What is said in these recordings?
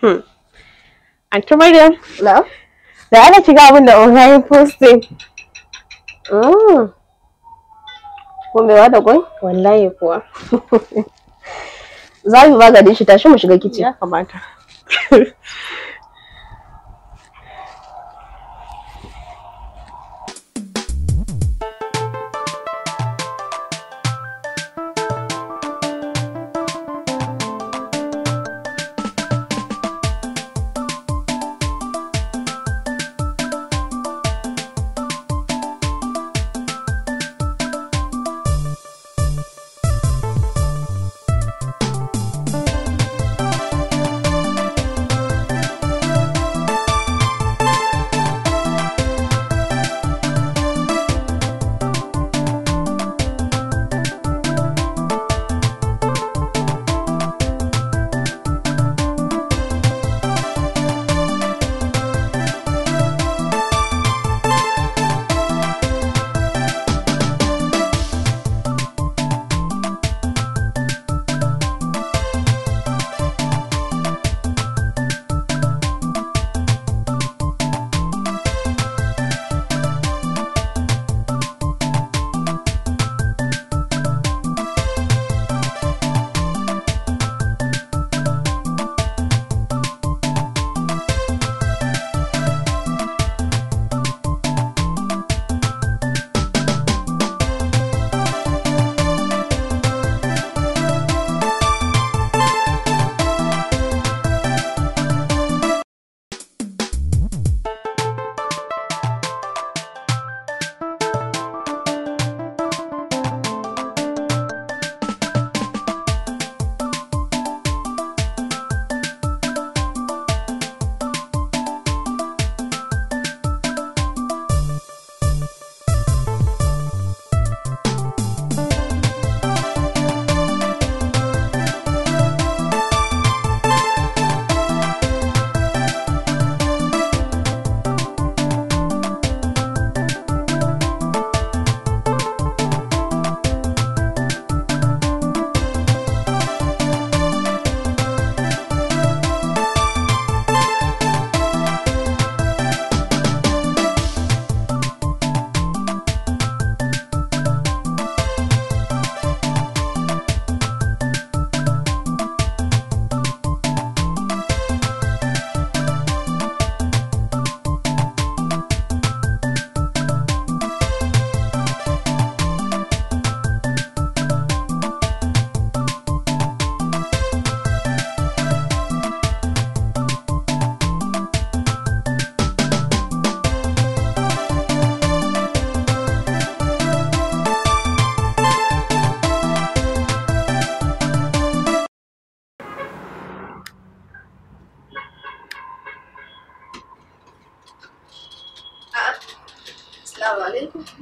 Hmm. Anti Maryam. Na? Da ana shiga abin da online posting. Hmm. Ko Kumbewa da gwai? Wallahi kuwa. Za mu ba gari shi tashi mu shiga kici. Ya kamata.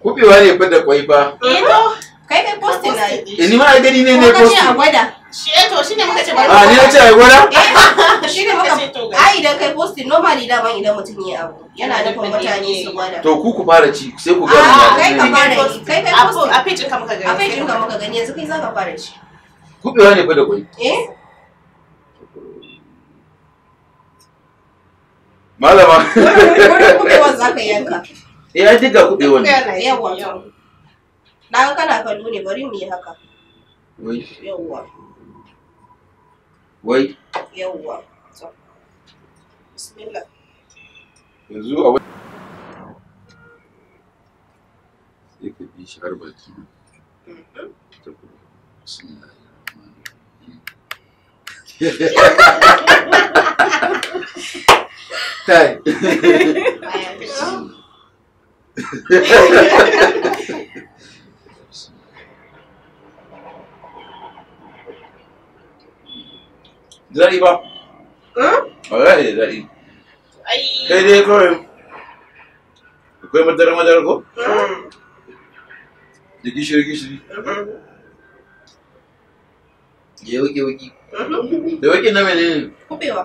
kubewa ne fa da kwai fa eh to kai kai posting na yi. Eh, ni ma gani ne ne ce a gwada shi eto, eh shi ne muka ce bari a ah, ni na ce a gwada eh, shi ne muka ai idan kai posting normally da ban idan mutum ya abu yana nufin mutane su gwada to ku ku fara ci sai ku ga ah, a kai ka fara kai kai posting a page ka muka gani a page ka muka gani yanzu kai zaka fara ci kubewa ne fa da kwai eh malama wurin za ka yanka Eh ai duk ga kuɗewan. Yawa. Na ga kana kallo ne bari mu yi haka. Wai. Yawa. Wai. Yawa. Bismillah. Yanzu a wani. Sai ka bi shi har baki. Bismillah. Mm-hmm. Tai. daɗi ba? Wallahi da daɗi. Kai dai kawai akwai madara madara ko? Da gishiri gishiri. Ya wuki wuki. Da wuki na menene? Kubewa.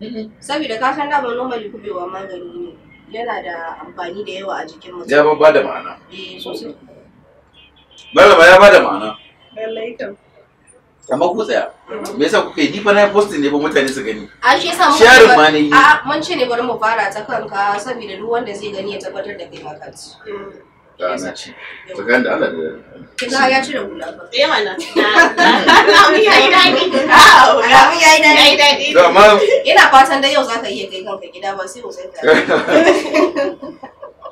Hmm, hmm. Saboda ka san dama normally kubewa magani ne. yana da amfani da yawa a jikin mutum ya ba ba da ma'ana eh sosai malama ya ba da ma'ana lallai kam amma ku tsaya me yasa kuka yi ni fa na posting ne ba mutane su gani a shi yasa mun sharin ma ne a mun ce ne bari mu fara ta kanka saboda duk wanda zai gani ya tabbatar da kai ma kansu da na da Allah da kina ya cire hula na na ina fatan da yau iya kai kanka gida ba sai usai ka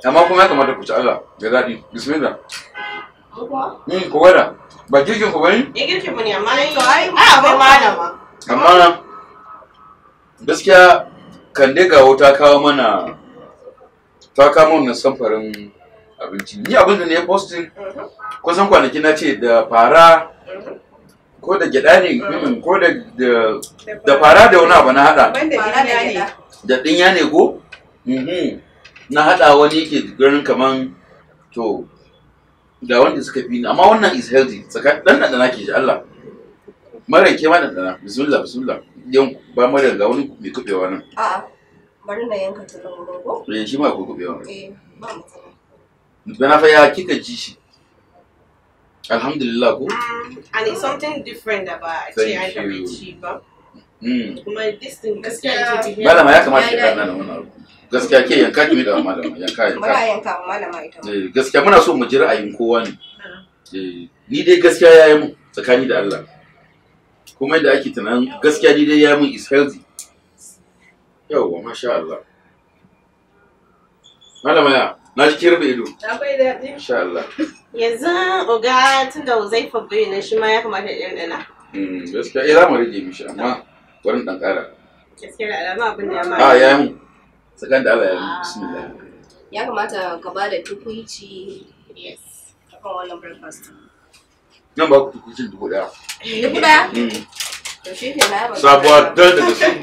amma kuma ya kamata ku ci Allah da dadi bismillah ku gwada. Ba girkin ku bane? Ya girkin mu ne amma ai Amma gaskiya Kande ga ta kawo mana ta kawo mana samfarin abinci ni abin da ne posting kusan kwanaki na ce da fara ko da gyada ne mm, ko da da fara da wani abu na hada da dinya ne ko mm-hmm. na hada wani yake ganin kaman to Da wanda suka fi ni amma wannan is healthy tsakanin dan da nake ji Allah mara ke ma dan bismillah bismillah yan ba mara ga wani mai kubewa nan a'a bari na yanka tulun rogo eh shi ma ko kubewa eh ba mu na fa kika ji shi alhamdulillah ko mm, and it's something different about a ce this thing gaskiya ke yanka ki da malama yanka yanka eh, gaskiya muna so mu ji ra'ayin kowa ne ah. eh, ni dai gaskiya yi mu tsakani da Allah kuma yadda ake tunanin gaskiya ni dai yi mu is healthy yawwa masha Allah malama ya na ji kirbe ido akwai daɗi insha Allah yanzu uga tun da zai bai na shi ma ya kamata ya dandana hmm, gaskiya eh za mu rage mishi amma bari ɗan ƙara gaskiya alama abin da ya ma a ya mu sakan da Allah ya mu ah. bismillah ya kamata ka ba da tukuici yes akan wannan breakfast nan ba ku tukuicin dubu ɗaya dubu ɗaya hmm. to shi ke sabuwa dal da gaske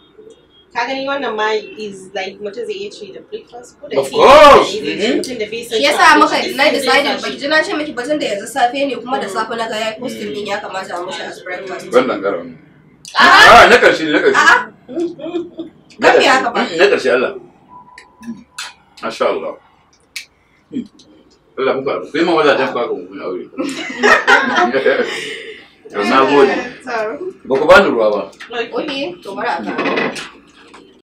ka gani wannan ma is like zai iya da breakfast ko da of course mm-hmm. da shi yasa muka na decided ba ji na ce miki batun da yanzu safe ne kuma da safe na ga ya mm. din ya kamata a mushi as breakfast wannan garan a na karshe na karshe kan ba na karshe Allah masha Allah Allah muka kai ma wala ta ka ku mun aure na gode ba ku ruwa ba to a